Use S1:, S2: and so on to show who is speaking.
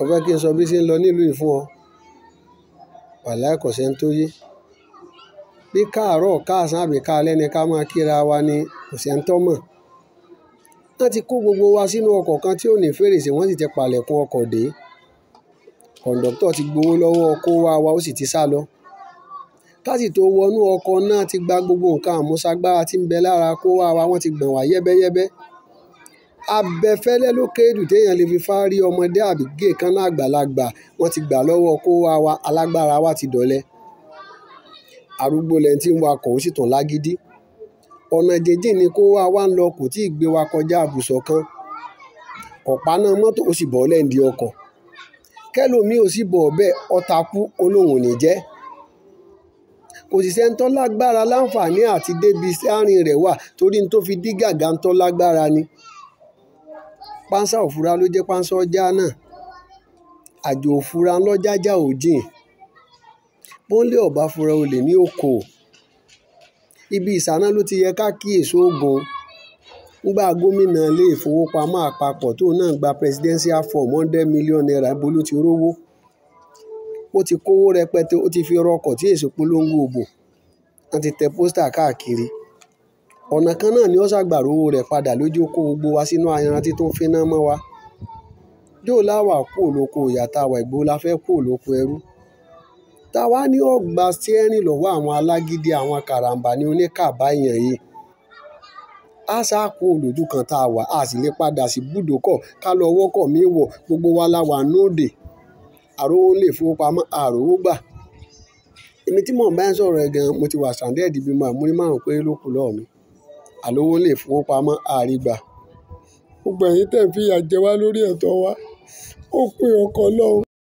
S1: Ó fẹ́ kí n sọ bí ṣe ń lọ nílùú yìí fún ọ. Wàláì kò sẹ́ni tó yé. Bí káàárọ̀, káàsán àbí káalẹ́ ni ká máa kíra wa ni kò sẹ́ni tó mọ̀. Wọ́n ti kó gbogbo wa sínú ọkọ̀ kan tí ó ní fèrèsé wọ́n sì ti palẹ̀kùn ọkọ̀ dé. Kọ̀ńdọ́tọ̀ ti gbowó lọ́wọ́ kówá wa ó sì ti sálọ. Káṣí tó wọnú ọkọ̀ náà ti gba gbogbo nǹkan àmúṣagbára tí ń bẹ lára kówá wa wọ́n ti gbọ̀n wá yẹ́bẹ́yẹ́bẹ́ abẹfẹ́lẹ́ ló kéré jù téèyàn lè fi fárí ọmọdé àbí gé èékánná àgbàlagbà wọ́n ti gbà lọ́wọ́ kó wá wa alágbára wa ti dọ̀lẹ arúgbó lẹni tí ń wakọ̀ ó sì tàn lágídí ọ̀nà jẹ́jẹ́ ni kó wá wa ń lọ kò tí ì gbé wa kọjá àbùsọ̀ kan ọ̀páná mọ́tò ó sì bọ́ lẹ́ǹdí ọkọ̀ kẹ́lòmíì ò sì bọ̀ ọ̀bẹ ọ̀takú olóhùn ní jẹ́ kò sì sẹ́ńtọ́ lágbára láǹfààní àti débi sáàrin rẹ̀ wà torí ní tó fi dí gàgà ń tọ́ lágbára ni. pánsá òfura ló jẹ́ pánsá ọjà náà àjò òfura ńlọ́jájá ò jìn pọ́nlé ọ̀bá fura olè ní oko ibi ìsáná ló ti yẹ ká kíyèsí ogun ngbà gómìnà ilé ìfowópamọ́ àpapọ̀ tó náà gba presidential form hundred million naira bolú ti rówó ó ti kówó rẹpẹtẹ ó ti fi rọkọ̀ tí èso polongo òbò wọ́n ti tẹ pósítà káàkiri. ọ̀nà kan náà ni ó ṣàgbàrò owó rẹ̀ padà ló jẹ́ kó gbogbo wa sínú ayanran títún finá mọ́ wa yóò láwà kú òlòkò ìyàtà àwà ìgbó la fẹ́ kú òlòkò ẹrú táwa ni ó gba stẹ́rìn lọ́wọ́ àwọn alágídí àwọn karambà ní oníkàbá èèyàn yìí a ṣáà kú olójú kan tá a wà a sì lè padà sí búdòkọ̀ ká lọ wọ́kọ̀ mi wọ̀ gbogbo wa la wà nóde àròwó lè fowópamọ́ àròwó gbà èmi tí mò ń bá ń sọ̀rọ̀ ẹ̀ gan mo ti wà sàǹdẹ́ẹ̀dì bímọ àmúrí márùn péré ló kù lọ́ọ̀ mi à lówó ilé ìfowópamọ́ à rí gbà. Gbogbo ẹ̀yin tẹ̀ ń fìyà jẹ wá lórí ẹ̀tọ́ wa, ó pé ọkọ Ọlọ́run.